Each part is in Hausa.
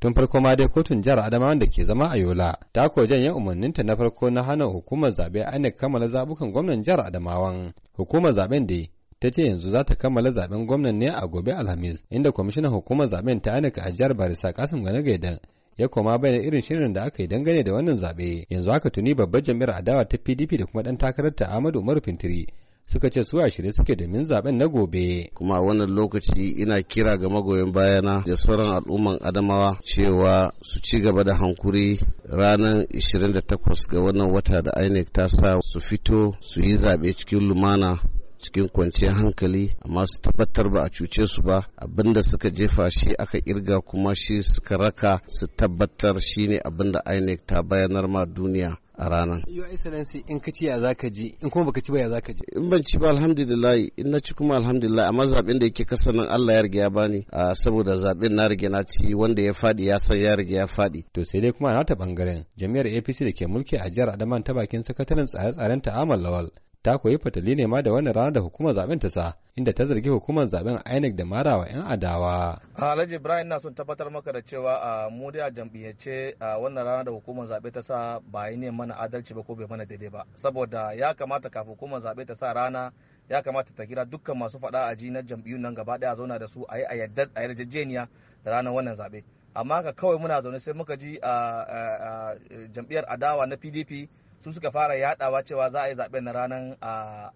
tun farko ma dai kotun jihar adamawa da ke zama a yola ta ko janye umarninta na farko na hana hukumar zaɓe inec kammala zabukan gwamnan jihar adamawan hukumar zaɓen dai ta ce yanzu za ta kammala zaɓen gwamnan ne a gobe alhamis inda kwamishinan hukumar zaɓen ta inec a jihar barisa kasim gane gaidan ya koma bayyana irin shirin da aka yi dangane da wannan zaɓe yanzu haka tuni babbar jam'iyyar adawa ta pdp da kuma ɗan ta ahmadu umaru fintiri suka ce su a shirye suke domin zaben na gobe. Kuma a wannan lokaci ina kira ga magoyan bayana da sauran al'umman Adamawa cewa su ci gaba da hankuri ranar 28 ga wannan wata da INEC ta sa su fito su yi zaɓe cikin lumana cikin kwanciyar hankali amma su tabbatar ba a cuce su ba abinda suka jefa shi aka kirga kuma shi suka raka su tabbatar shine abinda INEC ta bayanar ma duniya a ranar. Your Excellency in ka ci ya za ka ji in kuma baka ci ba ya za ka ji. In ban ci ba alhamdulillah in na ci kuma alhamdulillah amma zaɓen da yake kasa nan Allah ya riga ya bani a saboda zaɓen na riga na ci wanda ya fadi ya san ya riga ya faɗi To sai dai kuma na ta bangaren jami'ar APC da ke mulki a jihar Adaman ta bakin sakataren tsare-tsaren ta Amal Lawal ta koyi fatali ne ma da wannan ranar da hukumar zaɓen ta sa inda ta zargi hukumar zaben INEC da marawa 'yan adawa. Alhaji Ibrahim na son tabbatar maka da cewa a mudi a jam'iyyace a wannan rana da hukumar zabe ta sa ba yi ne mana adalci ba ko bai mana daidai ba saboda ya kamata kafin hukumar zabe ta sa rana ya kamata ta gira dukkan masu faɗa a ji na jam'iyyun nan gaba daya zauna da su a yi a yarjejeniya da ranar wannan zabe amma ka kawai muna zaune sai muka ji a jam'iyyar adawa na PDP su suka fara yadawa cewa za a yi zaɓen na ranar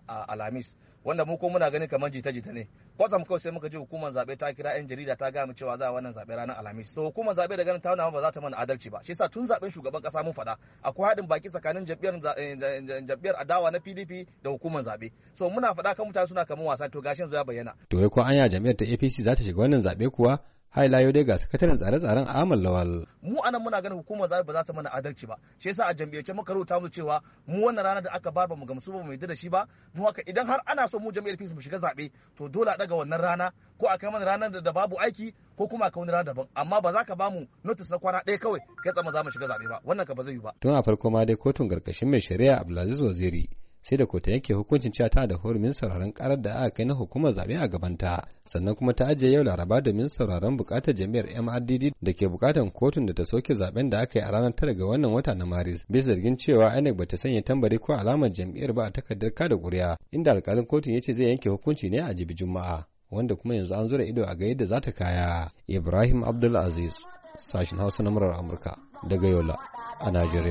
alhamis wanda mu ko muna ganin kamar jita-jita ne kwatsam kawai sai muka ji hukumar zaɓe ta kira 'yan jarida ta gaya mu cewa za a wannan zaɓe ranar alhamis to hukumar zaɓe da ganin ta nuna ba za ta mana adalci ba shi yasa tun zaɓen shugaban ƙasa mun faɗa akwai haɗin baki tsakanin jabiyar eh, adawa na PDP da hukumar zaɓe so muna faɗa kan mutane suna kamar wasa to gashin zo bayyana to ko anya jam'iyyar ta APC za ta shiga wannan zaɓe kuwa hai layo dai ga sakataren tsare-tsaren amal lawal mu anan muna ganin hukumar zabe ba za ta mana adalci ba shi yasa a jam'iyyance muka rubuta mu cewa mu wannan rana da aka bar ba mu gamsu ba mu yarda da shi ba mu haka idan har ana so mu jam'iyyar PDP mu shiga zabe to dole a daga wannan rana ko a kai mana ranar da babu aiki ko kuma ka wani rana daban amma ba za ka ba mu notice na kwana ɗaya kawai kai tsama za mu shiga zabe ba wannan ka ba zai yi ba tun a farko ma dai kotun garkashin mai shari'a Abdulaziz Waziri sai da kota yanke hukuncin cewa tana da hurumin sauraron karar da aka kai na hukumar zaɓe a gabanta sannan kuma ta ajiye yau laraba domin sauraron bukatar jami'ar mrdd da ke bukatar kotun da ta soke zaben da aka yi a ranar tara ga wannan wata na maris bisa zargin cewa inec bata sanya tambari ko alamar jami'ar ba a takardar kada ƙuri'a inda alkalin kotun ya ce zai yanke hukunci ne a jibi juma'a wanda kuma yanzu an zura ido a ga yadda za ta kaya ibrahim abdulaziz sashen hausa na murar amurka daga yola a najeriya